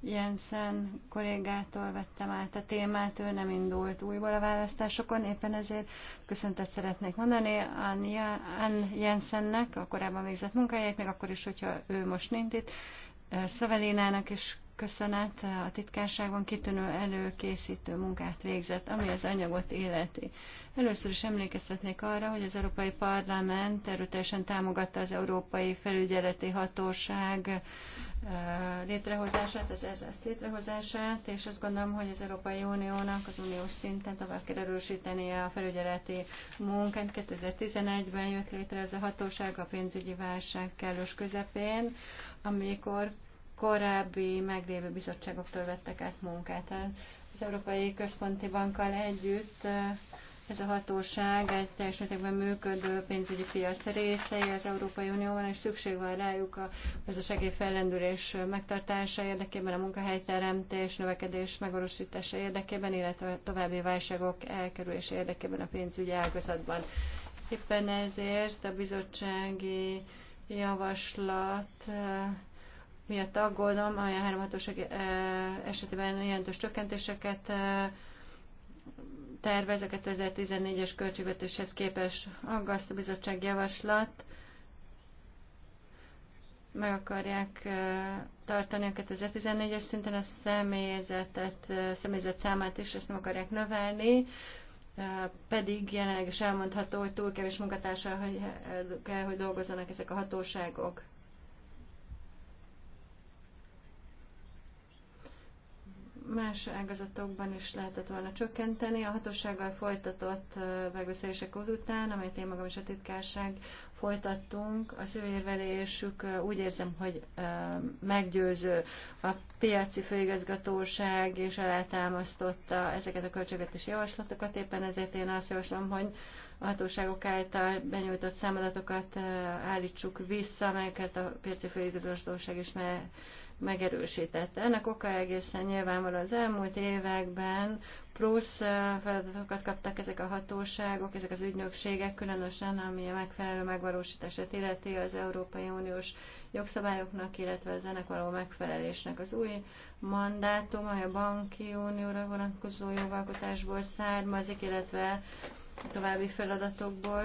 Jensen kollégától vettem át a témát, ő nem indult újból a választásokon, éppen ezért köszöntet szeretnék mondani Ann Jensennek, a korábban végzett munkáját, még akkor is, hogyha ő most nincs itt, Szavelinának és köszönet, a titkárságon kitűnő előkészítő munkát végzett, ami az anyagot életi. Először is emlékeztetnék arra, hogy az Európai Parlament erőteljesen támogatta az Európai Felügyeleti Hatóság létrehozását, az ezt létrehozását, és azt gondolom, hogy az Európai Uniónak az uniós szinten tovább kell erősítenie a felügyeleti munkát. 2011-ben jött létre ez a hatóság a pénzügyi válság kellős közepén, amikor korábbi meglévő bizottságoktól vettek át munkát. Hát az Európai Központi Bankkal együtt eh, ez a hatóság egy teljes mértékben működő pénzügyi piac részei az Európai Unióban, és szükség van rájuk a gazdasági fellendülés megtartása érdekében, a munkahelyteremtés, növekedés megvalósítása érdekében, illetve a további válságok elkerülése érdekében a pénzügyi ágazatban. Éppen ezért a bizottsági javaslat eh, miatt aggódom, a háromhatóság esetében jelentős csökkentéseket tervezek a 2014-es költségvetéshez képes aggaszt a bizottság javaslat. Meg akarják tartani a 2014-es szinten a személyzetet, személyzet számát is, ezt nem akarják növelni, pedig jelenleg is elmondható, hogy túl kevés hogy kell, hogy dolgozzanak ezek a hatóságok. más ágazatokban is lehetett volna csökkenteni. A hatósággal folytatott megbeszélések után, amelyet én magam is a titkárság folytattunk, az ő érvelésük úgy érzem, hogy meggyőző. A piaci főigazgatóság és alátámasztotta ezeket a költségvetési javaslatokat, éppen ezért én azt javaslom, hogy a hatóságok által benyújtott számadatokat állítsuk vissza, amelyeket a piaci főigazgatóság is már megerősítette. Ennek oka egészen nyilvánvaló az elmúlt években plusz feladatokat kaptak ezek a hatóságok, ezek az ügynökségek, különösen ami a megfelelő megvalósítását illeti az Európai Uniós jogszabályoknak, illetve az ennek való megfelelésnek. Az új mandátum, a banki unióra vonatkozó jogalkotásból származik, illetve további feladatokból.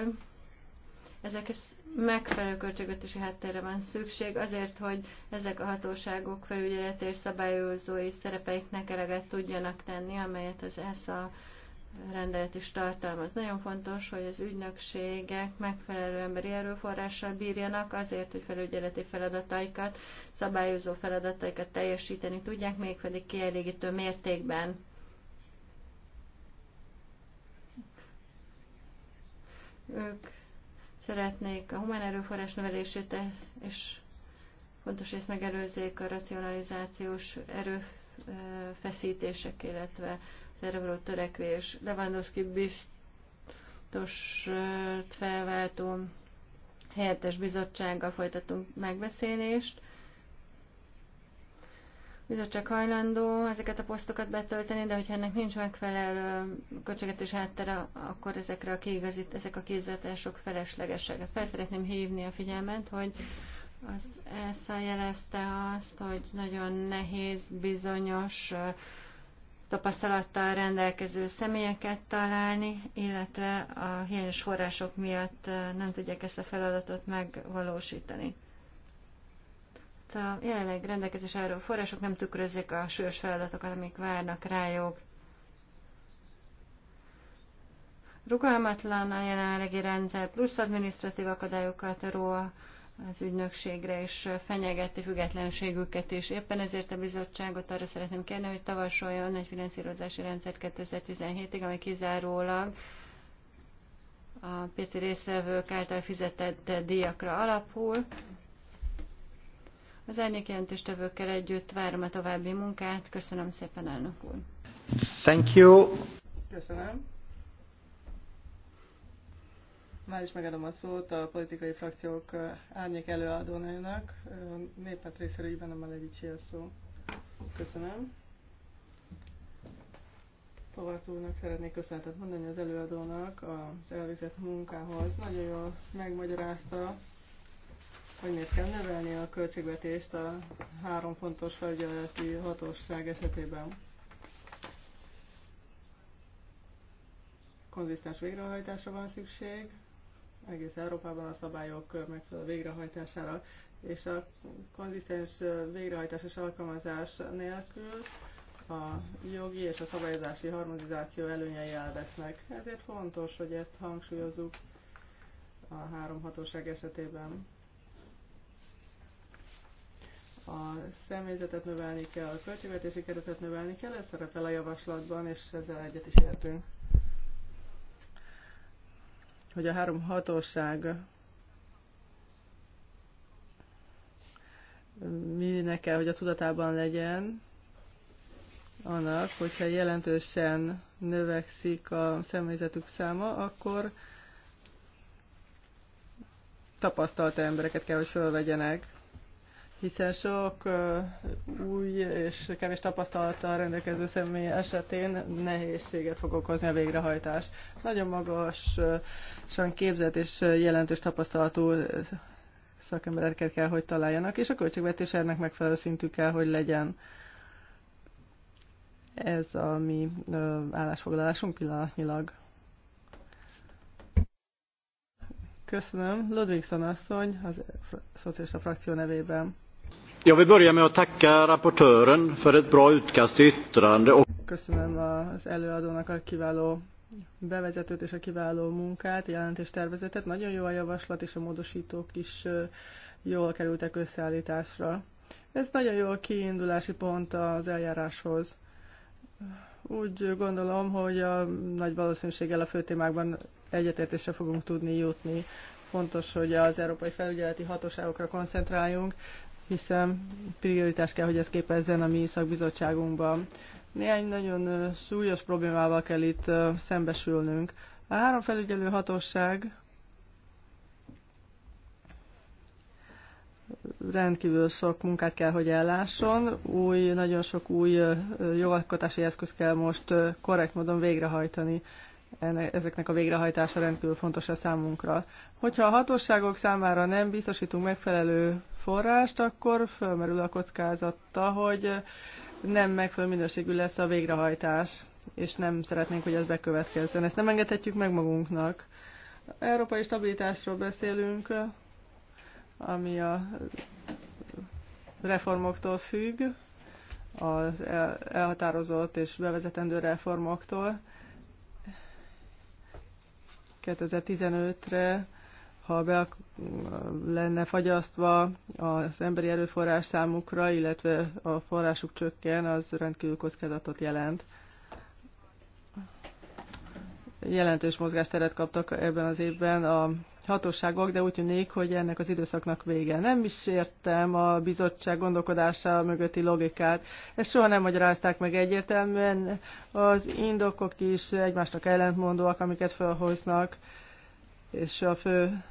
Ezekhez megfelelő költségvetési háttérre van szükség azért, hogy ezek a hatóságok felügyeleti és szabályozói szerepeiknek eleget tudjanak tenni, amelyet az ESA rendelet is tartalmaz. Nagyon fontos, hogy az ügynökségek megfelelő emberi erőforrással bírjanak azért, hogy felügyeleti feladataikat, szabályozó feladataikat teljesíteni tudják, mégpedig kielégítő mértékben. Ők Szeretnék a humán erőforrás növelését e- és fontos részt megelőzzék a racionalizációs erőfeszítések, illetve az erre való törekvés. Lewandowski biztos felváltó helyettes bizottsággal folytatunk megbeszélést bizottság hajlandó ezeket a posztokat betölteni, de hogyha ennek nincs megfelelő és háttere, akkor ezekre a kiigazít, ezek a kézletások feleslegesek. Fel szeretném hívni a figyelmet, hogy az ESZA jelezte azt, hogy nagyon nehéz bizonyos tapasztalattal rendelkező személyeket találni, illetve a hiányos források miatt nem tudják ezt a feladatot megvalósítani a jelenleg rendelkezés álló források nem tükrözik a súlyos feladatokat, amik várnak rájuk. Rugalmatlan a jelenlegi rendszer, plusz adminisztratív akadályokat ró az ügynökségre, és fenyegeti függetlenségüket is. Éppen ezért a bizottságot arra szeretném kérni, hogy tavasoljon egy finanszírozási rendszert 2017-ig, ami kizárólag a PC résztvevők által fizetett díjakra alapul, az árnyék jelentéstevőkkel együtt várom a további munkát. Köszönöm szépen, elnök úr. Thank you. Köszönöm. Már is megadom a szót a politikai frakciók árnyék előadónőnek. Népet részéről Iben a Malevicsi a szó. Köszönöm. Tovább úrnak szeretnék köszönetet mondani az előadónak az elvizett munkához. Nagyon jól megmagyarázta hogy miért kell növelni a költségvetést a három fontos felügyeleti hatóság esetében. Konzisztens végrehajtásra van szükség, egész Európában a szabályok megfelelő végrehajtására, és a konzisztens végrehajtás és alkalmazás nélkül a jogi és a szabályozási harmonizáció előnyei elvesznek. Ezért fontos, hogy ezt hangsúlyozzuk a három hatóság esetében a személyzetet növelni kell, a költségvetési keretet növelni kell, ez szerepel a javaslatban, és ezzel egyet is értünk. Hogy a három hatóság minek kell, hogy a tudatában legyen annak, hogyha jelentősen növekszik a személyzetük száma, akkor tapasztalt embereket kell, hogy fölvegyenek hiszen sok új és kevés tapasztalattal rendelkező személy esetén nehézséget fog okozni a végrehajtás. Nagyon magasan képzett és jelentős tapasztalatú szakembereket kell, hogy találjanak, és a költségvetés ennek megfelelő szintű kell, hogy legyen. Ez a mi állásfoglalásunk pillanatnyilag. Köszönöm. Ludvigson asszony, az szociális frakció nevében. Jag vill börja med att tacka rapportören för ett bra utkast till yttrande. Köszönöm az előadónak a kiváló bevezetőt és a kiváló munkát, tervezetet Nagyon jó a javaslat, és a módosítók is jól kerültek összeállításra. Ez nagyon jó kiindulási pont az eljáráshoz. Úgy gondolom, hogy a nagy valószínűséggel a fő témákban egyetértésre fogunk tudni jutni. Fontos, hogy az európai felügyeleti hatóságokra koncentráljunk, hiszen prioritás kell, hogy ez képezzen a mi szakbizottságunkban. Néhány nagyon súlyos problémával kell itt szembesülnünk. A három felügyelő hatóság rendkívül sok munkát kell, hogy ellásson. Új, nagyon sok új jogalkotási eszköz kell most korrekt módon végrehajtani. Ezeknek a végrehajtása rendkívül fontos a számunkra. Hogyha a hatóságok számára nem biztosítunk megfelelő forrást, akkor fölmerül a kockázata, hogy nem megfelelő minőségű lesz a végrehajtás, és nem szeretnénk, hogy ez bekövetkezzen. Ezt nem engedhetjük meg magunknak. Európai stabilitásról beszélünk, ami a reformoktól függ, az elhatározott és bevezetendő reformoktól. 2015-re ha be lenne fagyasztva az emberi erőforrás számukra, illetve a forrásuk csökken, az rendkívül kockázatot jelent. Jelentős mozgásteret kaptak ebben az évben a hatóságok, de úgy tűnik, hogy ennek az időszaknak vége. Nem is értem a bizottság gondolkodása mögötti logikát. Ezt soha nem magyarázták meg egyértelműen. Az indokok is egymásnak ellentmondóak, amiket felhoznak, és a fő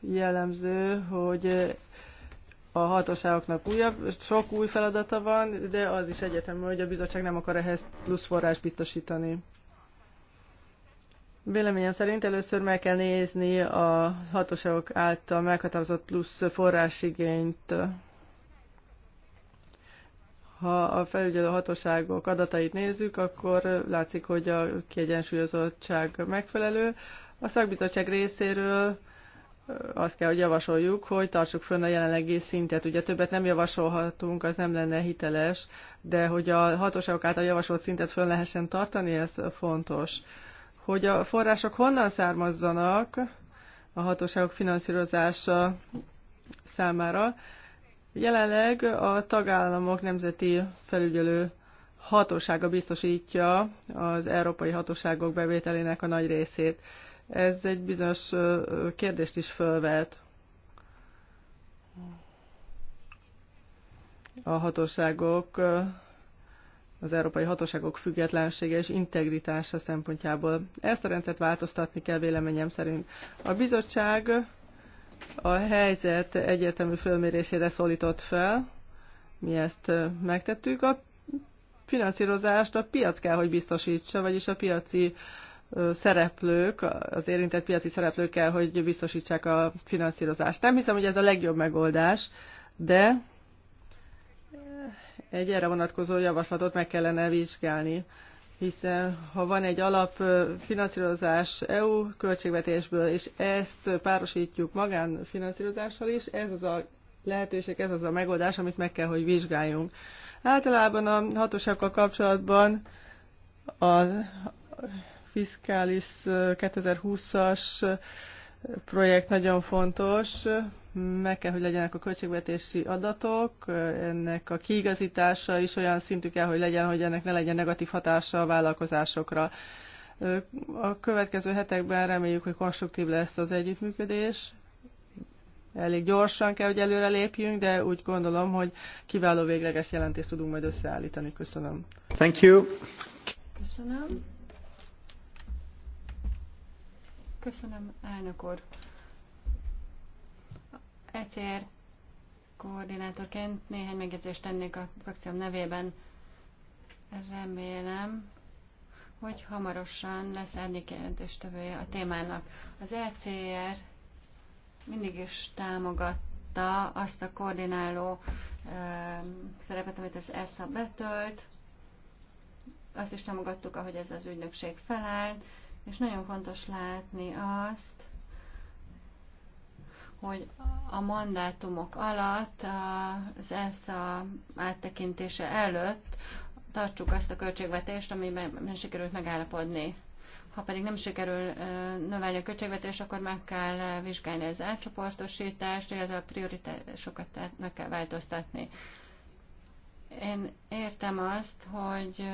jellemző, hogy a hatóságoknak újabb, sok új feladata van, de az is egyetemű, hogy a bizottság nem akar ehhez plusz forrás biztosítani. Véleményem szerint először meg kell nézni a hatóságok által meghatározott plusz forrásigényt. Ha a felügyelő hatóságok adatait nézzük, akkor látszik, hogy a kiegyensúlyozottság megfelelő. A szakbizottság részéről azt kell, hogy javasoljuk, hogy tartsuk fönn a jelenlegi szintet. Ugye többet nem javasolhatunk, az nem lenne hiteles, de hogy a hatóságok által javasolt szintet fönn lehessen tartani, ez fontos. Hogy a források honnan származzanak a hatóságok finanszírozása számára, jelenleg a tagállamok nemzeti felügyelő hatósága biztosítja az európai hatóságok bevételének a nagy részét ez egy bizonyos kérdést is felvet a hatóságok, az európai hatóságok függetlensége és integritása szempontjából. Ezt a rendszert változtatni kell véleményem szerint. A bizottság a helyzet egyértelmű fölmérésére szólított fel, mi ezt megtettük. A finanszírozást a piac kell, hogy biztosítsa, vagyis a piaci uh, szereplők, az érintett piaci szereplők kell, hogy biztosítsák a finanszírozást. Nem hiszem, hogy ez a legjobb megoldás, de egy erre vonatkozó javaslatot meg kellene vizsgálni, hiszen ha van egy alap finanszírozás EU költségvetésből, és ezt párosítjuk magánfinanszírozással is, ez az a lehetőség, ez az a megoldás, amit meg kell, hogy vizsgáljunk. Általában a hatóságokkal kapcsolatban a fiskális 2020-as projekt nagyon fontos. Meg kell, hogy legyenek a költségvetési adatok, ennek a kiigazítása is olyan szintű kell, hogy legyen, hogy ennek ne legyen negatív hatása a vállalkozásokra. A következő hetekben reméljük, hogy konstruktív lesz az együttműködés. Elég gyorsan kell, hogy előre lépjünk, de úgy gondolom, hogy kiváló végleges jelentést tudunk majd összeállítani. Köszönöm. Thank you. Köszönöm. Köszönöm, elnök úr. ECR koordinátorként néhány megjegyzést tennék a frakcióm nevében. Remélem, hogy hamarosan lesz árnyék jelentéstevője a témának. Az ECR mindig is támogatta azt a koordináló ö, szerepet, amit az ESZA betölt. Azt is támogattuk, ahogy ez az ügynökség felállt, és nagyon fontos látni azt, hogy a mandátumok alatt, az ESZA áttekintése előtt tartsuk azt a költségvetést, amiben sikerült megállapodni. Ha pedig nem sikerül növelni a költségvetést, akkor meg kell vizsgálni az átcsoportosítást, illetve a prioritásokat meg kell változtatni. Én értem azt, hogy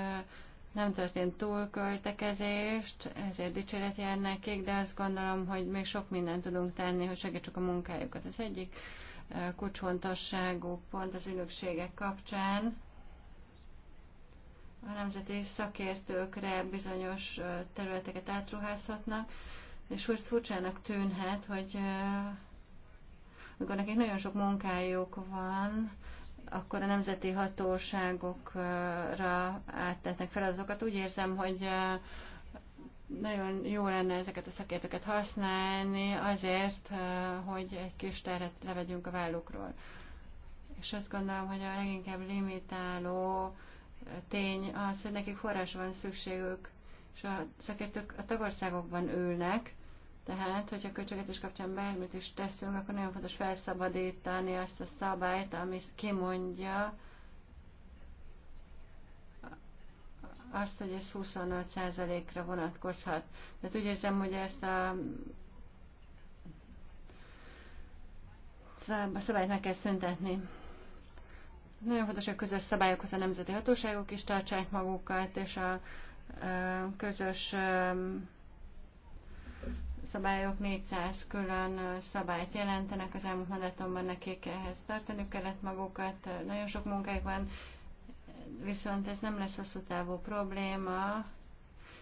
nem történt túlköltekezést, ezért dicséret jár nekik, de azt gondolom, hogy még sok mindent tudunk tenni, hogy segítsük a munkájukat. Az egyik kulcsfontosságú pont az ügynökségek kapcsán a nemzeti szakértőkre bizonyos területeket átruházhatnak, és úgy furcsának tűnhet, hogy amikor nekik nagyon sok munkájuk van, akkor a nemzeti hatóságokra áttetnek feladatokat. Úgy érzem, hogy nagyon jó lenne ezeket a szakértőket használni azért, hogy egy kis terhet levegyünk a vállukról. És azt gondolom, hogy a leginkább limitáló tény az, hogy nekik forrás van szükségük, és a szakértők a tagországokban ülnek, tehát, hogyha költségvetés kapcsán bármit is teszünk, akkor nagyon fontos felszabadítani azt a szabályt, ami kimondja azt, hogy ez 25%-ra vonatkozhat. Tehát úgy érzem, hogy ezt a a szabályt meg kell szüntetni. Nagyon fontos, hogy a közös szabályokhoz a nemzeti hatóságok is tartsák magukat, és a közös szabályok 400 külön szabályt jelentenek, az elmúlt mandátumban nekik ehhez tartani kellett magukat, nagyon sok munkájuk van, viszont ez nem lesz hosszú távú probléma,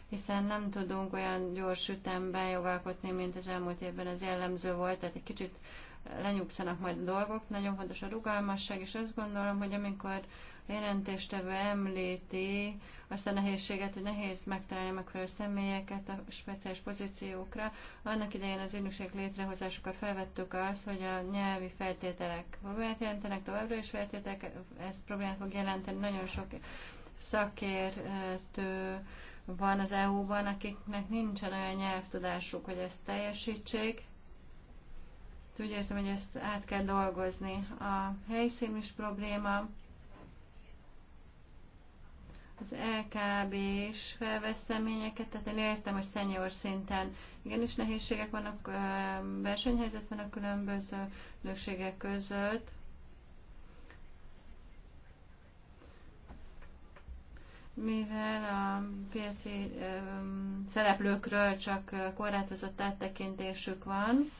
hiszen nem tudunk olyan gyors ütemben jogalkotni, mint az elmúlt évben az jellemző volt, tehát egy kicsit lenyugszanak majd a dolgok. Nagyon fontos a rugalmasság, és azt gondolom, hogy amikor a jelentéstevő említi azt a nehézséget, hogy nehéz megtalálni megfelelő személyeket a speciális pozíciókra, annak idején az ügynökség létrehozásukor felvettük azt, hogy a nyelvi feltételek problémát jelentenek, továbbra is feltételek, ez problémát fog jelenteni nagyon sok szakértő van az EU-ban, akiknek nincsen olyan nyelvtudásuk, hogy ezt teljesítsék, úgy érzem, hogy ezt át kell dolgozni. A helyszín is probléma, az LKB is felvesz személyeket, tehát én értem, hogy szenyor szinten igenis nehézségek vannak, versenyhelyzet van a különböző nökségek között. Mivel a piaci szereplőkről csak korlátozott áttekintésük van,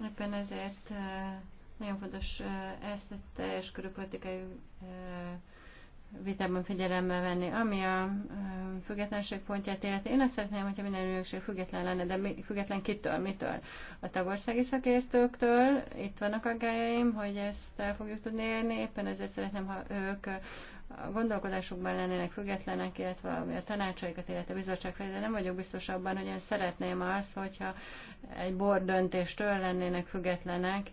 Éppen ezért eh, nagyon fontos eh, ezt a teljes politikai eh, vitában figyelembe venni. Ami a függetlenség pontját illeti, én azt szeretném, hogyha minden ügynökség független lenne, de független kitől, mitől? A tagországi szakértőktől, itt vannak aggájaim, hogy ezt el fogjuk tudni érni, éppen ezért szeretném, ha ők a gondolkodásukban lennének függetlenek, illetve ami a tanácsaikat, illetve a bizottság felé, de nem vagyok biztos abban, hogy én szeretném azt, hogyha egy bor döntéstől lennének függetlenek.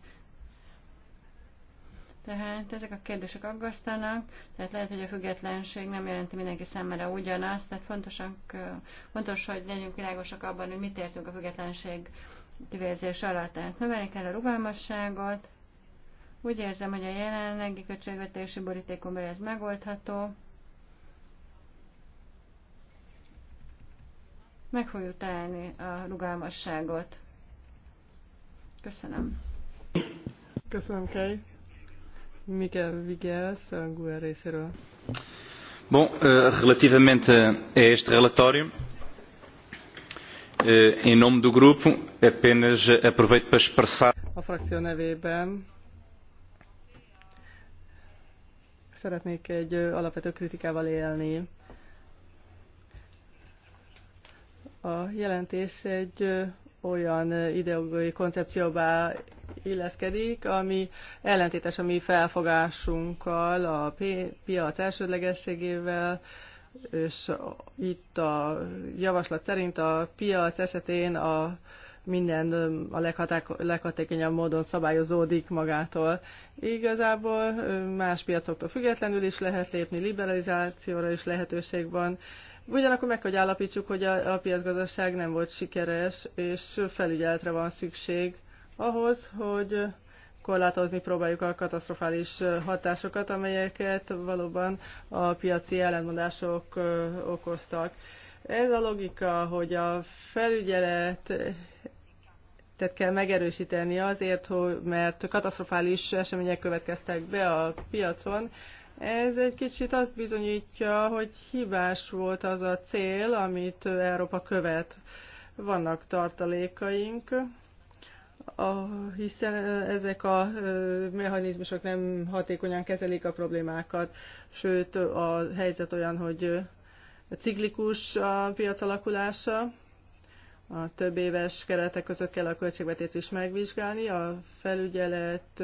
Tehát ezek a kérdések aggasztanak, tehát lehet, hogy a függetlenség nem jelenti mindenki számára ugyanazt, tehát fontosak, fontos, hogy legyünk világosak abban, hogy mit értünk a függetlenség kifejezés alatt. Tehát növelni kell a rugalmasságot, úgy érzem, hogy a jelenlegi költségvetési borítékon belül ez megoldható. Meg fogjuk találni a rugalmasságot. Köszönöm. Köszönöm, Kej. Miguel Viguez, a GUE részéről. Bom, eh, relativamente a este relatório, eh, em nome do grupo, apenas aproveito para expressar. A frakció nevében Szeretnék egy alapvető kritikával élni. A jelentés egy olyan ideológiai koncepcióba illeszkedik, ami ellentétes a mi felfogásunkkal, a piac elsődlegességével, és itt a javaslat szerint a piac esetén a minden a leghatékonyabb módon szabályozódik magától. Igazából más piacoktól függetlenül is lehet lépni, liberalizációra is lehetőség van. Ugyanakkor meg kell, hogy állapítsuk, hogy a, a piacgazdaság nem volt sikeres, és felügyeletre van szükség ahhoz, hogy korlátozni próbáljuk a katasztrofális hatásokat, amelyeket valóban a piaci ellentmondások okoztak. Ez a logika, hogy a felügyelet tehát kell megerősíteni azért, hogy, mert katasztrofális események következtek be a piacon. Ez egy kicsit azt bizonyítja, hogy hibás volt az a cél, amit Európa követ. Vannak tartalékaink, a, hiszen ezek a mechanizmusok nem hatékonyan kezelik a problémákat, sőt a helyzet olyan, hogy ciklikus a piac alakulása, a több éves keretek között kell a költségvetést is megvizsgálni. A felügyelet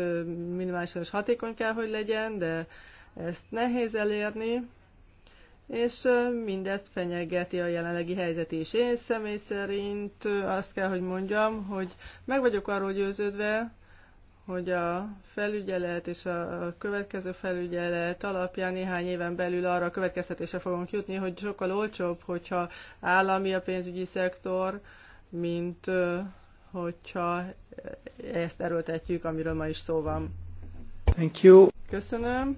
minimálisan is hatékony kell, hogy legyen, de ezt nehéz elérni, és mindezt fenyegeti a jelenlegi helyzet is. Én személy szerint azt kell, hogy mondjam, hogy meg vagyok arról győződve, hogy a felügyelet és a következő felügyelet alapján néhány éven belül arra a következtetésre fogunk jutni, hogy sokkal olcsóbb, hogyha állami a pénzügyi szektor, mint hogyha ezt erőltetjük, amiről ma is szó van. Thank you. Köszönöm.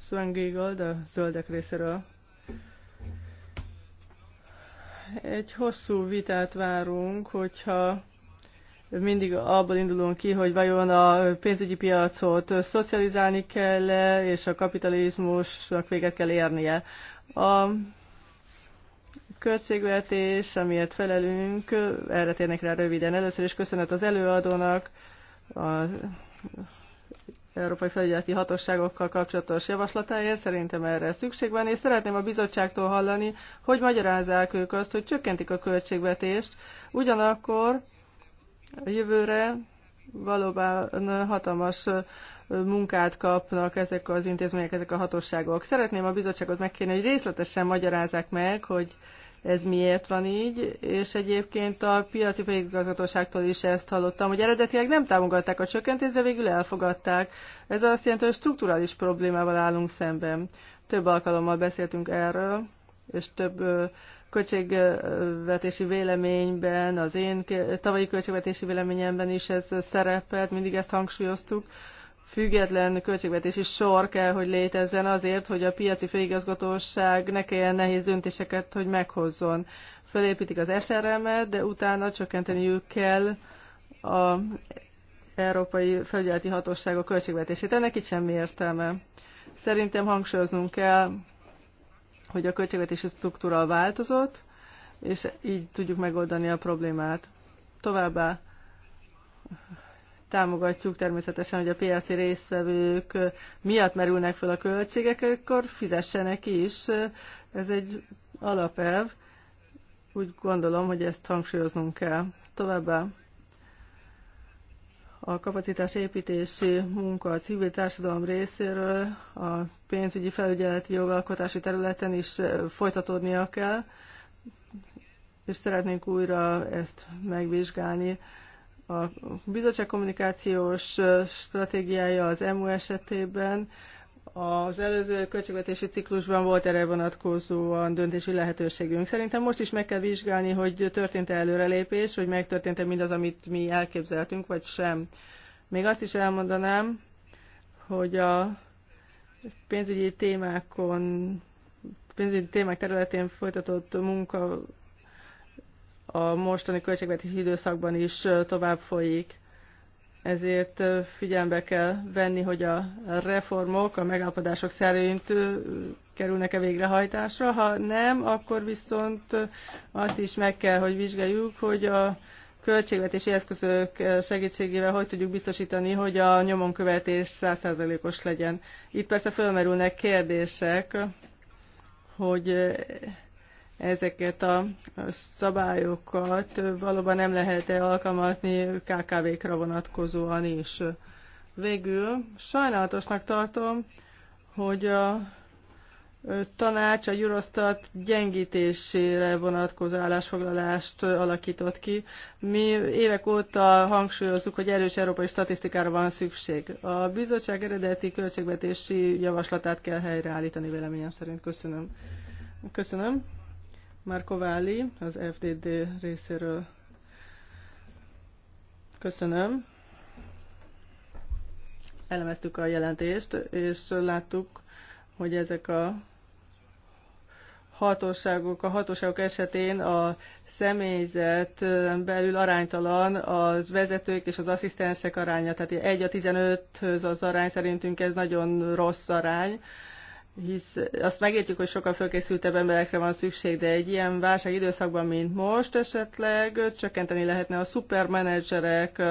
Sven Giegold a zöldek részéről. Egy hosszú vitát várunk, hogyha mindig abból indulunk ki, hogy vajon a pénzügyi piacot szocializálni kell -e, és a kapitalizmusnak véget kell érnie. A költségvetés, amiért felelünk, erre térnek rá röviden. Először is köszönet az előadónak, az Európai Felügyeleti Hatóságokkal kapcsolatos javaslatáért. Szerintem erre szükség van, és szeretném a bizottságtól hallani, hogy magyarázzák ők azt, hogy csökkentik a költségvetést, ugyanakkor a jövőre valóban hatalmas munkát kapnak ezek az intézmények, ezek a hatóságok. Szeretném a bizottságot megkérni, hogy részletesen magyarázzák meg, hogy ez miért van így, és egyébként a piaci főigazgatóságtól is ezt hallottam, hogy eredetileg nem támogatták a csökkentést, de végül elfogadták. Ez azt jelenti, hogy strukturális problémával állunk szemben. Több alkalommal beszéltünk erről, és több költségvetési véleményben, az én tavalyi költségvetési véleményemben is ez szerepelt, mindig ezt hangsúlyoztuk. Független költségvetési sor kell, hogy létezzen azért, hogy a piaci főigazgatóság ne kelljen nehéz döntéseket, hogy meghozzon. Felépítik az SRM-et, de utána csökkenteniük kell a Európai Felügyeleti Hatóság a költségvetését. Ennek itt semmi értelme. Szerintem hangsúlyoznunk kell hogy a költségvetési struktúra változott, és így tudjuk megoldani a problémát. Továbbá támogatjuk természetesen, hogy a PLC résztvevők miatt merülnek fel a költségek, akkor fizessenek is. Ez egy alapelv. Úgy gondolom, hogy ezt hangsúlyoznunk kell. Továbbá a kapacitás építési munka a civil társadalom részéről a pénzügyi felügyeleti jogalkotási területen is folytatódnia kell, és szeretnénk újra ezt megvizsgálni. A bizottság kommunikációs stratégiája az EMU esetében az előző költségvetési ciklusban volt erre vonatkozóan döntési lehetőségünk. Szerintem most is meg kell vizsgálni, hogy történt-e előrelépés, hogy megtörtént-e mindaz, amit mi elképzeltünk, vagy sem. Még azt is elmondanám, hogy a pénzügyi témákon, pénzügyi témák területén folytatott munka a mostani költségvetési időszakban is tovább folyik ezért figyelembe kell venni, hogy a reformok a megállapodások szerint kerülnek-e végrehajtásra. Ha nem, akkor viszont azt is meg kell, hogy vizsgáljuk, hogy a költségvetési eszközök segítségével hogy tudjuk biztosítani, hogy a nyomonkövetés százszázalékos legyen. Itt persze felmerülnek kérdések, hogy ezeket a szabályokat valóban nem lehet-e alkalmazni KKV-kra vonatkozóan is. Végül sajnálatosnak tartom, hogy a tanács a Eurostat gyengítésére vonatkozó állásfoglalást alakított ki. Mi évek óta hangsúlyozzuk, hogy erős európai statisztikára van szükség. A bizottság eredeti költségvetési javaslatát kell helyreállítani véleményem szerint. Köszönöm. Köszönöm. Marko Váli az FDD részéről. Köszönöm. Elemeztük a jelentést, és láttuk, hogy ezek a hatóságok, a hatóságok esetén a személyzet belül aránytalan az vezetők és az asszisztensek aránya. Tehát 1 a 15-höz az arány szerintünk ez nagyon rossz arány hisz azt megértjük, hogy sokkal fölkészültebb emberekre van szükség, de egy ilyen válság időszakban, mint most, esetleg csökkenteni lehetne a szupermenedzserek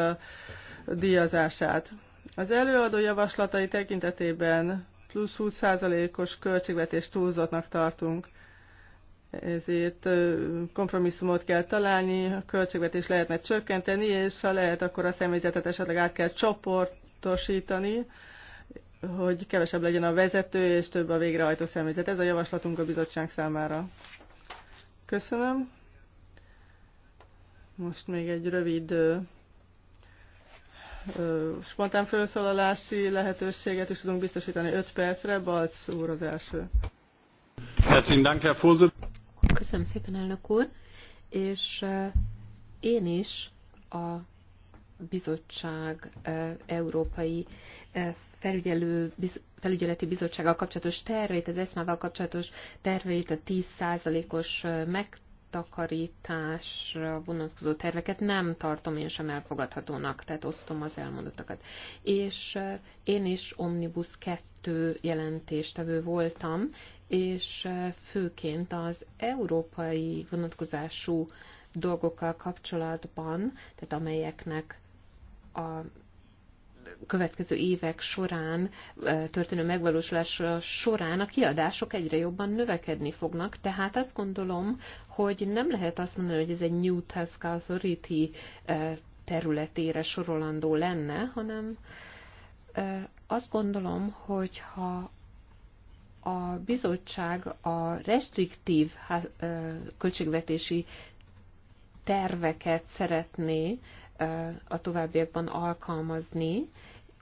díjazását. Az előadó javaslatai tekintetében plusz 20%-os költségvetés túlzottnak tartunk. Ezért kompromisszumot kell találni, a költségvetés lehetne csökkenteni, és ha lehet, akkor a személyzetet esetleg át kell csoportosítani, hogy kevesebb legyen a vezető és több a végrehajtó személyzet. Ez a javaslatunk a bizottság számára. Köszönöm. Most még egy rövid spontán felszólalási lehetőséget is tudunk biztosítani 5 percre. Balc úr az első. Köszönöm szépen, elnök úr. És én is a bizottság e, európai e, felügyelő, felügyeleti bizottsággal kapcsolatos terveit, az eszmával kapcsolatos terveit, a 10%-os e, meg takarításra vonatkozó terveket nem tartom én sem elfogadhatónak, tehát osztom az elmondottakat. És én is Omnibus 2 jelentéstevő voltam, és főként az európai vonatkozású dolgokkal kapcsolatban, tehát amelyeknek a következő évek során történő megvalósulása során a kiadások egyre jobban növekedni fognak, tehát azt gondolom, hogy nem lehet azt mondani, hogy ez egy New Task Authority területére sorolandó lenne, hanem azt gondolom, hogy ha a bizottság a restriktív költségvetési terveket szeretné a továbbiakban alkalmazni,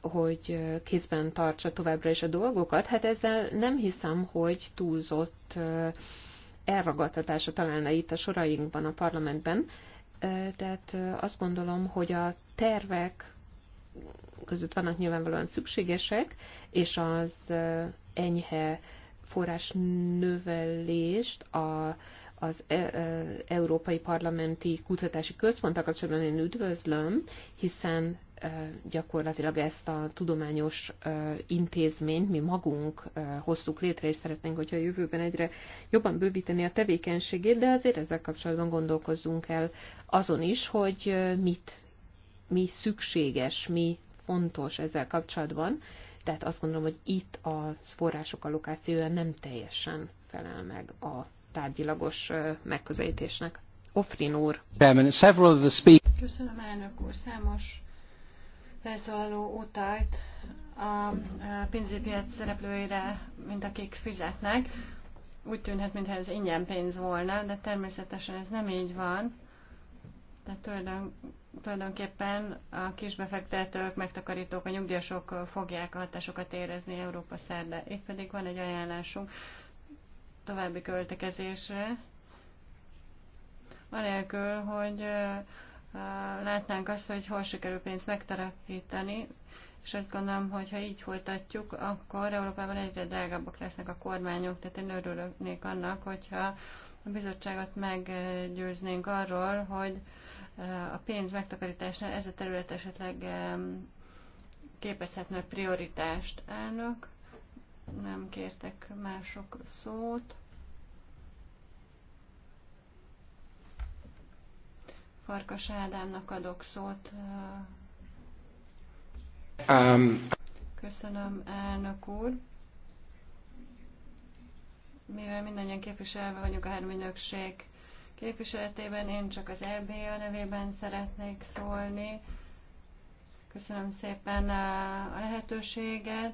hogy kézben tartsa továbbra is a dolgokat, hát ezzel nem hiszem, hogy túlzott elragadtatása találna itt a sorainkban a parlamentben. Tehát azt gondolom, hogy a tervek között vannak nyilvánvalóan szükségesek, és az enyhe forrás növelést a az e, e, Európai Parlamenti Kutatási Központtal kapcsolatban én üdvözlöm, hiszen e, gyakorlatilag ezt a tudományos intézményt mi magunk hoztuk létre, és szeretnénk, hogyha a jövőben egyre jobban bővíteni a tevékenységét, de azért ezzel kapcsolatban gondolkozzunk el azon is, hogy mit, mi szükséges, mi fontos ezzel kapcsolatban, tehát azt gondolom, hogy itt a források allokációja nem teljesen felel meg a tárgyilagos megközelítésnek. Ofrin úr. Köszönöm, elnök úr. Számos felszólaló utalt a pénzügypiac szereplőire, mint akik fizetnek. Úgy tűnhet, mintha ez ingyen pénz volna, de természetesen ez nem így van. Tehát tulajdonképpen tulajdonképpen a kisbefektetők, megtakarítók, a nyugdíjasok fogják a hatásokat érezni Európa szerte. Itt pedig van egy ajánlásunk további költekezésre, anélkül, hogy látnánk azt, hogy hol sikerül pénzt megtarakítani, és azt gondolom, hogy ha így folytatjuk, akkor Európában egyre drágábbak lesznek a kormányok, tehát én örülnék annak, hogyha a bizottságot meggyőznénk arról, hogy a pénz megtakarításnál ez a terület esetleg képezhetne prioritást elnök. Nem kértek mások szót. Farkas Ádámnak adok szót. Um. Köszönöm, elnök úr. Mivel mindannyian képviselve vagyunk a három képviseletében. Én csak az EBA nevében szeretnék szólni. Köszönöm szépen uh, a lehetőséget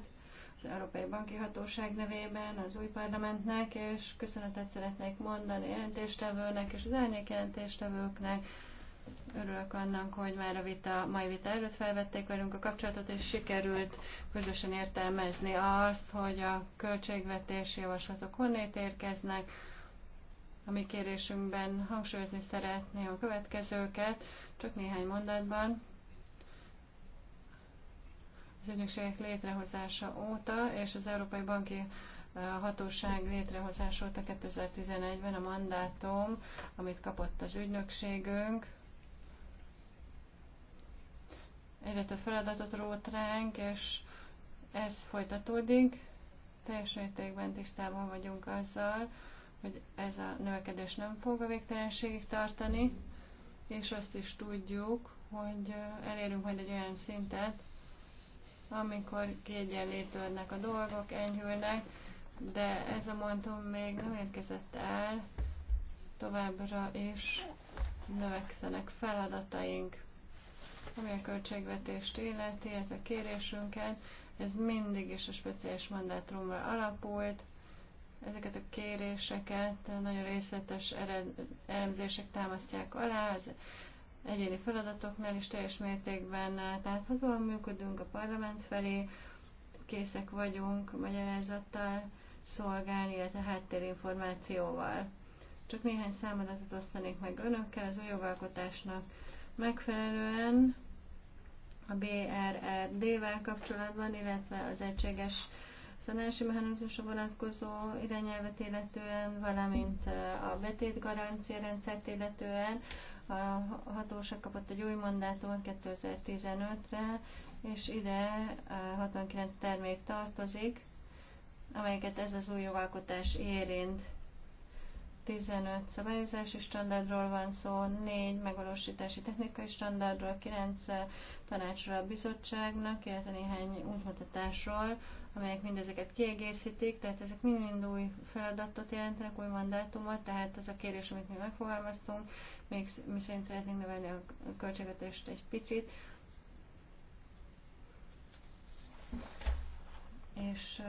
az Európai Banki Hatóság nevében, az új parlamentnek, és köszönetet szeretnék mondani jelentéstevőnek és az elnék jelentéstevőknek. Örülök annak, hogy már a vita, mai vita előtt felvették velünk a kapcsolatot, és sikerült közösen értelmezni azt, hogy a költségvetési javaslatok honnét érkeznek, a mi kérésünkben hangsúlyozni szeretném a következőket, csak néhány mondatban. Az ügynökségek létrehozása óta és az Európai Banki eh, Hatóság létrehozása óta 2011-ben a mandátum, amit kapott az ügynökségünk, egyre több feladatot rót ránk, és ez folytatódik. Teljes mértékben tisztában vagyunk azzal, hogy ez a növekedés nem fog a végtelenségig tartani, és azt is tudjuk, hogy elérünk majd egy olyan szintet, amikor kiegyenlítődnek a dolgok, enyhülnek, de ez a momentum még nem érkezett el, továbbra is növekszenek feladataink, ami a költségvetést illeti, illetve kérésünket, ez mindig is a speciális mandátumra alapult, ezeket a kéréseket nagyon részletes elemzések támasztják alá, az egyéni feladatoknál is teljes mértékben átláthatóan működünk a parlament felé, készek vagyunk magyarázattal szolgálni, illetve háttérinformációval. Csak néhány számadatot osztanék meg önökkel az új jogalkotásnak megfelelően a BRRD-vel kapcsolatban, illetve az egységes szanási mechanizmusra vonatkozó irányelvet illetően, valamint eh, a betét garancia rendszert illetően. A hatóság kapott egy új mandátumot 2015-re, és ide 69 eh, termék tartozik, amelyeket ez az új jogalkotás érint. 15 szabályozási standardról van szó, 4 megvalósítási technikai standardról, 9 eh, tanácsról a bizottságnak, illetve néhány útmutatásról, amelyek mindezeket kiegészítik, tehát ezek mind-mind új feladatot jelentenek, új mandátumot, tehát az a kérés, amit mi megfogalmaztunk, még mi szerint szeretnénk növelni a költségvetést egy picit, és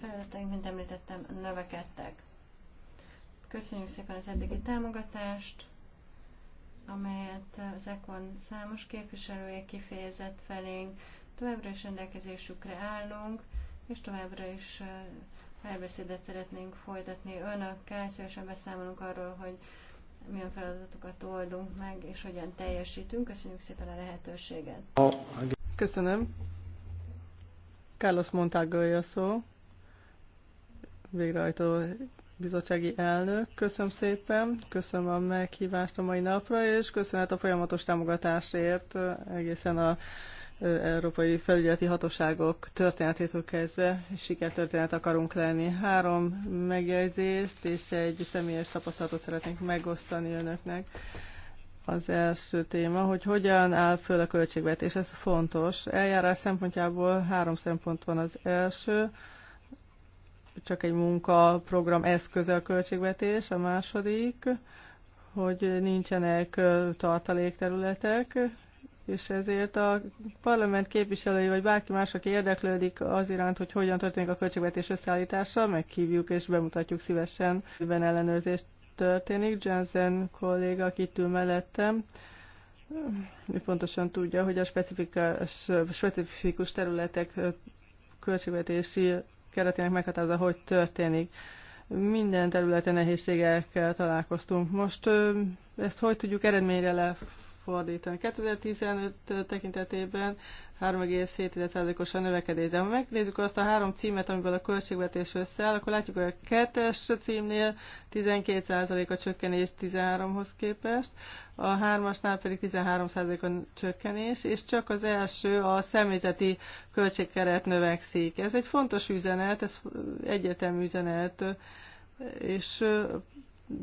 feladataink, mint említettem, növekedtek. Köszönjük szépen az eddigi támogatást, amelyet az ECON számos képviselője kifejezett felénk, Továbbra is rendelkezésükre állunk, és továbbra is párbeszédet szeretnénk folytatni önökkel, szívesen beszámolunk arról, hogy milyen feladatokat oldunk meg, és hogyan teljesítünk. Köszönjük szépen a lehetőséget. Köszönöm. Carlos a szó, végrehajtó bizottsági elnök. Köszönöm szépen, köszönöm a meghívást a mai napra, és köszönet a folyamatos támogatásért egészen a európai felügyeleti hatóságok történetétől kezdve sikertörténet akarunk lenni. Három megjegyzést és egy személyes tapasztalatot szeretnénk megosztani önöknek. Az első téma, hogy hogyan áll föl a költségvetés, ez fontos. Eljárás szempontjából három szempont van az első, csak egy munkaprogram eszköze a költségvetés, a második, hogy nincsenek tartalékterületek, és ezért a parlament képviselői, vagy bárki más, aki érdeklődik az iránt, hogy hogyan történik a költségvetés összeállítása, meghívjuk és bemutatjuk szívesen, miben ellenőrzést történik. Jensen kolléga, aki itt ül mellettem, ő pontosan tudja, hogy a specifikus, területek költségvetési keretének meghatározza, hogy történik. Minden területen nehézségekkel találkoztunk. Most ezt hogy tudjuk eredményre lefolyni? fordítani. 2015 tekintetében 3,7%-os a növekedés. De ha megnézzük azt a három címet, amiből a költségvetés összeáll, akkor látjuk, hogy a kettes címnél 12% a csökkenés 13-hoz képest, a hármasnál pedig 13% a csökkenés, és csak az első, a személyzeti költségkeret növekszik. Ez egy fontos üzenet, ez egyértelmű üzenet, és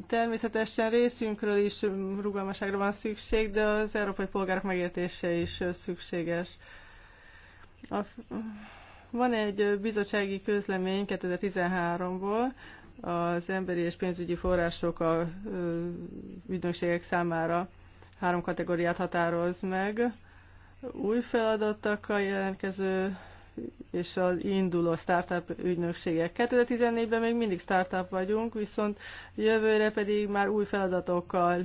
Természetesen részünkről is rugalmaságra van szükség, de az európai polgárok megértése is szükséges. A, van egy bizottsági közlemény 2013-ból, az emberi és pénzügyi források a ügynökségek számára három kategóriát határoz meg. Új feladatokkal jelentkező és az induló startup ügynökségek. 2014-ben még mindig startup vagyunk, viszont jövőre pedig már új feladatokkal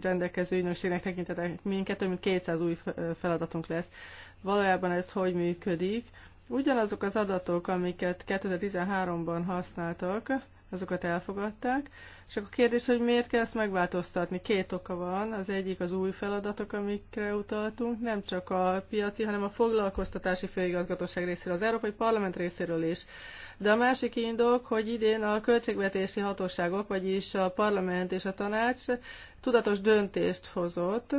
rendelkező ügynökségnek tekintetek minket, több mint 200 új feladatunk lesz. Valójában ez hogy működik? Ugyanazok az adatok, amiket 2013-ban használtak, azokat elfogadták. És akkor a kérdés, hogy miért kell ezt megváltoztatni? Két oka van. Az egyik az új feladatok, amikre utaltunk, nem csak a piaci, hanem a foglalkoztatási főigazgatóság részéről, az Európai Parlament részéről is. De a másik indok, hogy idén a költségvetési hatóságok, vagyis a parlament és a tanács tudatos döntést hozott,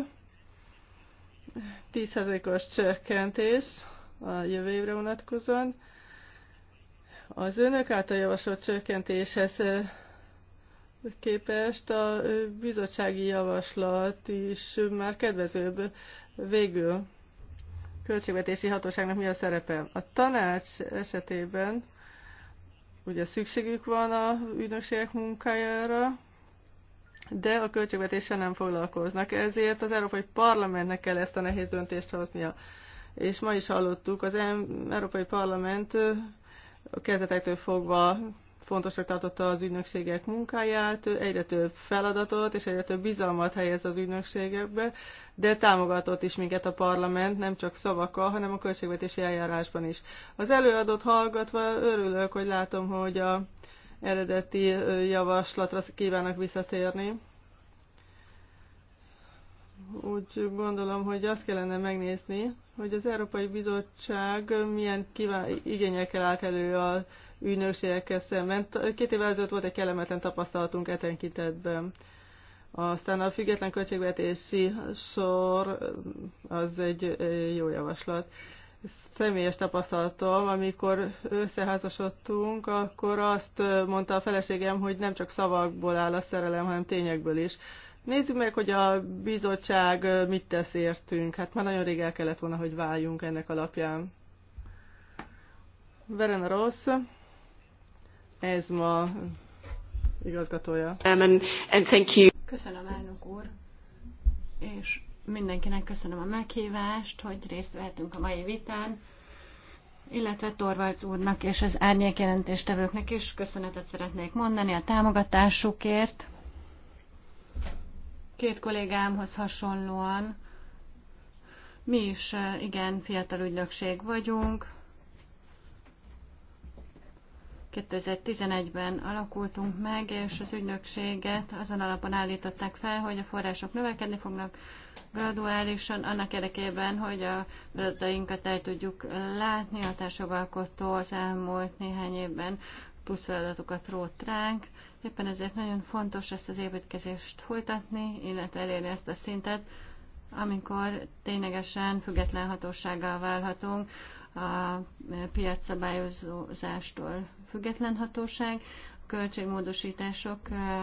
10%-os csökkentés a jövő évre vonatkozóan, az önök által javasolt csökkentéshez képest a bizottsági javaslat is már kedvezőbb végül költségvetési hatóságnak mi a szerepe. A tanács esetében ugye szükségük van a ügynökségek munkájára, de a költségvetéssel nem foglalkoznak. Ezért az Európai Parlamentnek kell ezt a nehéz döntést hoznia. És ma is hallottuk, az Európai Parlament a kezdetektől fogva fontosnak tartotta az ügynökségek munkáját, egyre több feladatot és egyre több bizalmat helyez az ügynökségekbe, de támogatott is minket a parlament, nem csak szavakkal, hanem a költségvetési eljárásban is. Az előadót hallgatva örülök, hogy látom, hogy a eredeti javaslatra kívánnak visszatérni úgy gondolom, hogy azt kellene megnézni, hogy az Európai Bizottság milyen kíván, igényekkel állt elő a ügynökségekkel szemben. Két évvel ezelőtt volt egy kellemetlen tapasztalatunk e Aztán a független költségvetési sor az egy jó javaslat. Személyes tapasztalatom, amikor összeházasodtunk, akkor azt mondta a feleségem, hogy nem csak szavakból áll a szerelem, hanem tényekből is. Nézzük meg, hogy a bizottság mit tesz értünk. Hát már nagyon rég el kellett volna, hogy váljunk ennek alapján. Verena Rossz, ez ma igazgatója. Um, thank you. Köszönöm, elnök úr, és mindenkinek köszönöm a meghívást, hogy részt vehetünk a mai vitán, illetve Torvalds úrnak és az jelentéstevőknek is köszönetet szeretnék mondani a támogatásukért Két kollégámhoz hasonlóan mi is igen fiatal ügynökség vagyunk. 2011-ben alakultunk meg, és az ügynökséget azon alapon állították fel, hogy a források növekedni fognak graduálisan, annak érdekében, hogy a feladatainkat el tudjuk látni a társjogalkotó az elmúlt néhány évben plusz feladatokat rótt ránk. Éppen ezért nagyon fontos ezt az építkezést folytatni, illetve elérni ezt a szintet, amikor ténylegesen független hatósággal válhatunk, a piacszabályozástól független hatóság, a költségmódosítások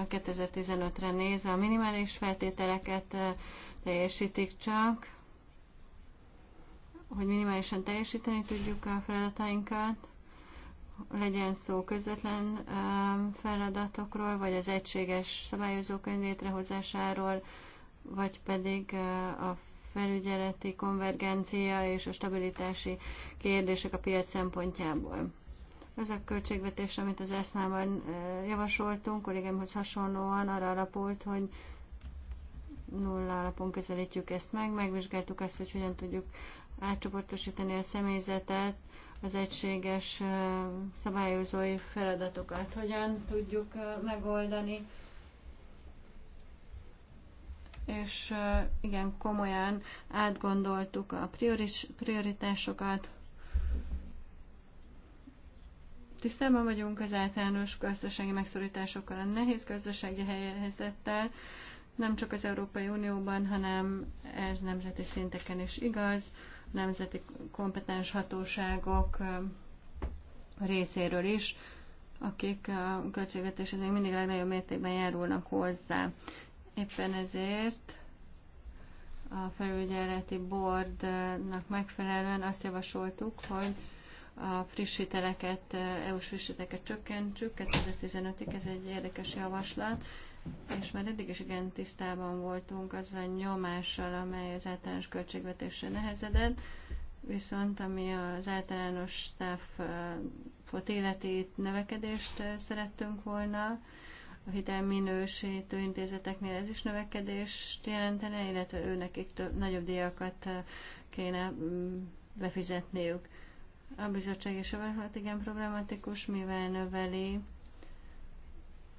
2015-re nézve a minimális feltételeket teljesítik csak, hogy minimálisan teljesíteni tudjuk a feladatainkat legyen szó közvetlen feladatokról, vagy az egységes szabályozókönyv létrehozásáról, vagy pedig a felügyeleti konvergencia és a stabilitási kérdések a piac szempontjából. Ez a költségvetés, amit az ESZMÁ-ban javasoltunk, kollégámhoz hasonlóan arra alapult, hogy nulla alapon közelítjük ezt meg, megvizsgáltuk azt, hogy hogyan tudjuk átcsoportosítani a személyzetet az egységes szabályozói feladatokat hogyan tudjuk megoldani. És igen, komolyan átgondoltuk a prioritásokat. Tisztában vagyunk az általános gazdasági megszorításokkal, a nehéz gazdasági helyzettel, nem csak az Európai Unióban, hanem ez nemzeti szinteken is igaz nemzeti kompetens hatóságok részéről is, akik a költségvetéshez még mindig legnagyobb mértékben járulnak hozzá. Éppen ezért a felügyeleti boardnak megfelelően azt javasoltuk, hogy a friss hiteleket, EU-s friss hiteleket csökkentsük 2015-ig, ez egy érdekes javaslat, és már eddig is igen tisztában voltunk az a nyomással, amely az általános költségvetésre nehezedett, viszont ami az általános staffot életét növekedést szerettünk volna, a hitelminősítő intézeteknél ez is növekedést jelentene, illetve őnek több, nagyobb díjakat kéne mm, befizetniük. A bizottság és a igen problematikus, mivel növeli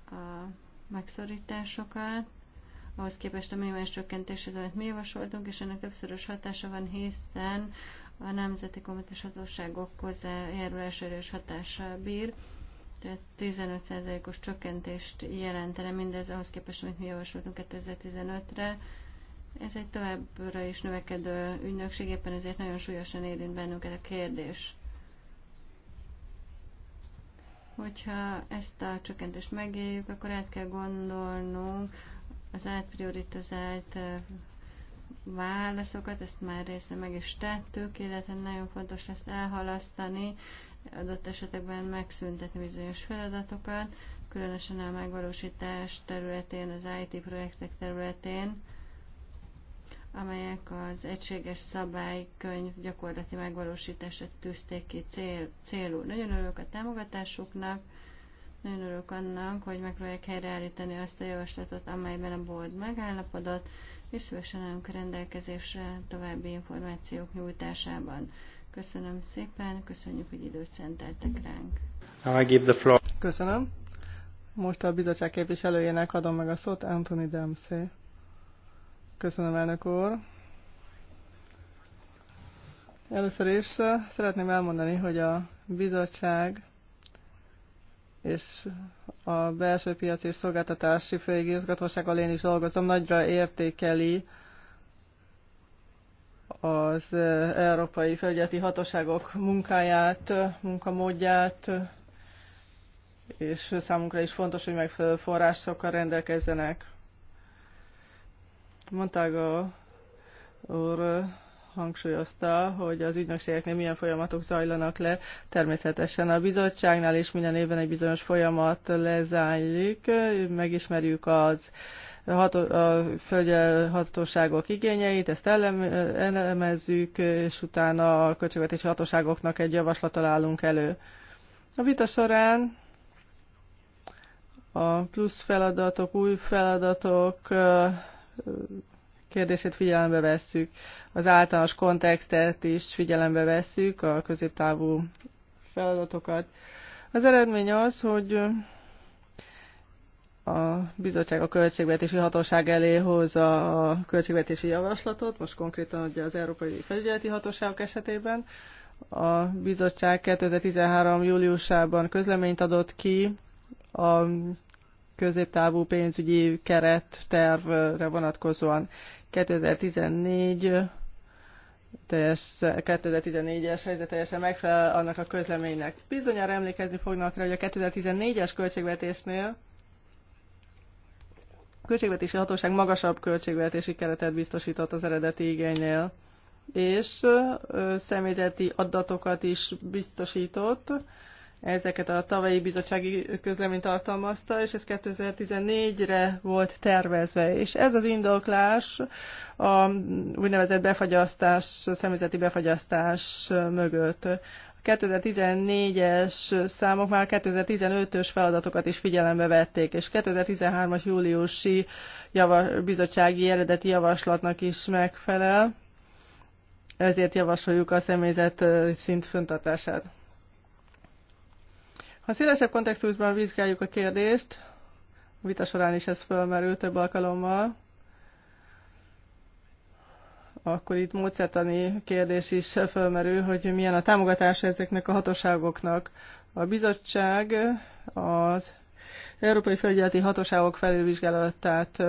a megszorításokat, ahhoz képest a minimális csökkentéshez, amit mi javasoltunk, és ennek többszörös hatása van, hiszen a nemzeti kompetens hatóságok hozzájárulására is hatással bír, tehát 15%-os csökkentést jelentene mindez ahhoz képest, amit mi javasoltunk 2015-re. Ez egy továbbra is növekedő ügynökség, éppen ezért nagyon súlyosan érint bennünket a kérdés. Hogyha ezt a csökkentést megéljük, akkor át kell gondolnunk az átprioritizált válaszokat, ezt már része meg is tettük, illetve nagyon fontos lesz elhalasztani, adott esetekben megszüntetni bizonyos feladatokat, különösen a megvalósítás területén, az IT projektek területén, amelyek az egységes szabálykönyv gyakorlati megvalósítását tűzték ki cél, célul. Nagyon örülök a támogatásuknak, nagyon örülök annak, hogy megpróbálják helyreállítani azt a javaslatot, amelyben a board megállapodott, és szívesen állunk rendelkezésre további információk nyújtásában. Köszönöm szépen, köszönjük, hogy időt szenteltek ránk. Köszönöm. Most a bizottság képviselőjének adom meg a szót, Anthony Dempsey. Köszönöm, elnök úr. Először is uh, szeretném elmondani, hogy a bizottság és a belső piac és szolgáltatási főigazgatósággal én is dolgozom, nagyra értékeli az uh, európai felügyeleti hatóságok munkáját, uh, munkamódját, és számunkra is fontos, hogy megfelelő forrásokkal rendelkezzenek a úr hangsúlyozta, hogy az ügynökségeknél milyen folyamatok zajlanak le. Természetesen a bizottságnál is minden évben egy bizonyos folyamat lezajlik, megismerjük az a hatóságok igényeit, ezt elemezzük, és utána a költségvetési hatóságoknak egy javaslat állunk elő. A vita során a plusz feladatok, új feladatok kérdését figyelembe vesszük, az általános kontextet is figyelembe vesszük, a középtávú feladatokat. Az eredmény az, hogy a bizottság a költségvetési hatóság elé hozza a költségvetési javaslatot, most konkrétan ugye az Európai Felügyeleti Hatóságok esetében. A bizottság 2013. júliusában közleményt adott ki a középtávú pénzügyi keret tervre vonatkozóan 2014 teljes, 2014-es helyzet teljesen megfelel annak a közleménynek. Bizonyára emlékezni fognak rá, hogy a 2014-es költségvetésnél a költségvetési hatóság magasabb költségvetési keretet biztosított az eredeti igénynél, és személyzeti adatokat is biztosított, Ezeket a tavalyi bizottsági közlemény tartalmazta, és ez 2014-re volt tervezve. És ez az indoklás a úgynevezett befagyasztás, személyzeti befagyasztás mögött. 2014-es számok már 2015-ös feladatokat is figyelembe vették, és 2013-as júliusi javas, bizottsági eredeti javaslatnak is megfelel, ezért javasoljuk a személyzet szint föntartását. Ha szélesebb kontextusban vizsgáljuk a kérdést, a vita során is ez fölmerült több alkalommal, akkor itt módszertani kérdés is fölmerül, hogy milyen a támogatása ezeknek a hatóságoknak. A bizottság az Európai Felügyeleti Hatóságok felülvizsgálatát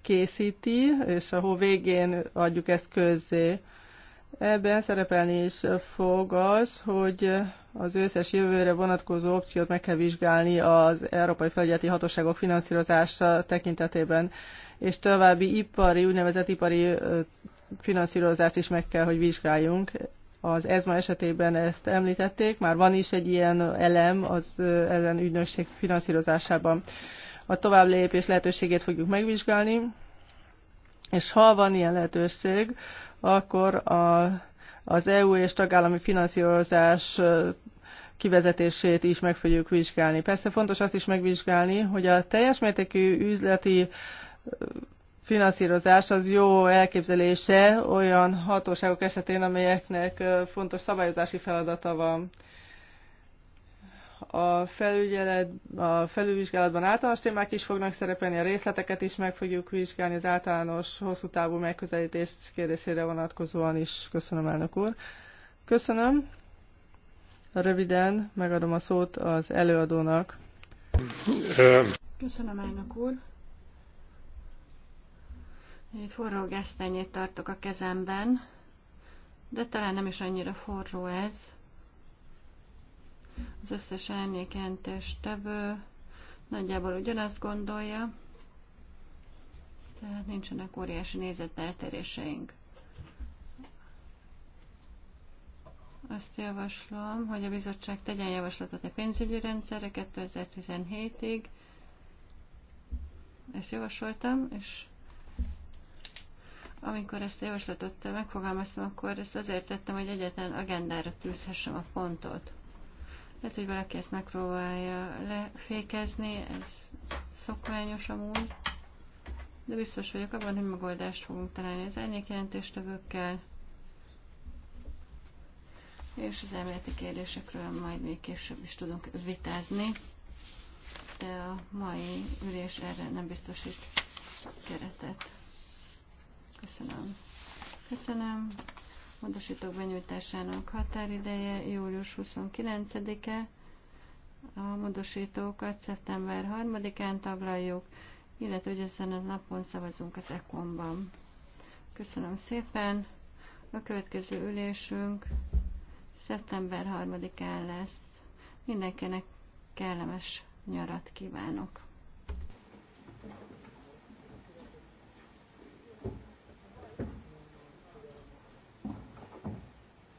készíti, és a hó végén adjuk ezt közzé. Ebben szerepelni is fog az, hogy az összes jövőre vonatkozó opciót meg kell vizsgálni az Európai Felügyeleti Hatóságok finanszírozása tekintetében, és további ipari, úgynevezett ipari finanszírozást is meg kell, hogy vizsgáljunk. Az ESMA esetében ezt említették, már van is egy ilyen elem az ezen ügynökség finanszírozásában. A tovább lépés lehetőségét fogjuk megvizsgálni, és ha van ilyen lehetőség, akkor a, az EU és tagállami finanszírozás kivezetését is meg fogjuk vizsgálni. Persze fontos azt is megvizsgálni, hogy a teljes mértékű üzleti finanszírozás az jó elképzelése olyan hatóságok esetén, amelyeknek fontos szabályozási feladata van a, felügyelet, a felülvizsgálatban általános témák is fognak szerepelni, a részleteket is meg fogjuk vizsgálni az általános hosszú távú megközelítés kérdésére vonatkozóan is. Köszönöm, elnök úr. Köszönöm. Röviden megadom a szót az előadónak. Köszönöm, elnök úr. Itt forró gesztenyét tartok a kezemben, de talán nem is annyira forró ez. Az összes árnyéken tevő nagyjából ugyanazt gondolja, tehát nincsenek óriási nézeteltéréseink. Azt javaslom, hogy a bizottság tegyen javaslatot a pénzügyi rendszerre 2017-ig. Ezt javasoltam, és amikor ezt a javaslatot megfogalmaztam, akkor ezt azért tettem, hogy egyetlen agendára tűzhessem a pontot. Lehet, hogy valaki ezt megpróbálja lefékezni, ez szokványos amúgy, de biztos vagyok abban, hogy megoldást fogunk találni az árnyék és az elméleti kérdésekről majd még később is tudunk vitázni, de a mai ülés erre nem biztosít keretet. Köszönöm. Köszönöm módosítók benyújtásának határideje július 29-e, a módosítókat szeptember 3-án taglaljuk, illetve hogy ezen a napon szavazunk az ECOM-ban. Köszönöm szépen! A következő ülésünk szeptember 3-án lesz. Mindenkinek kellemes nyarat kívánok!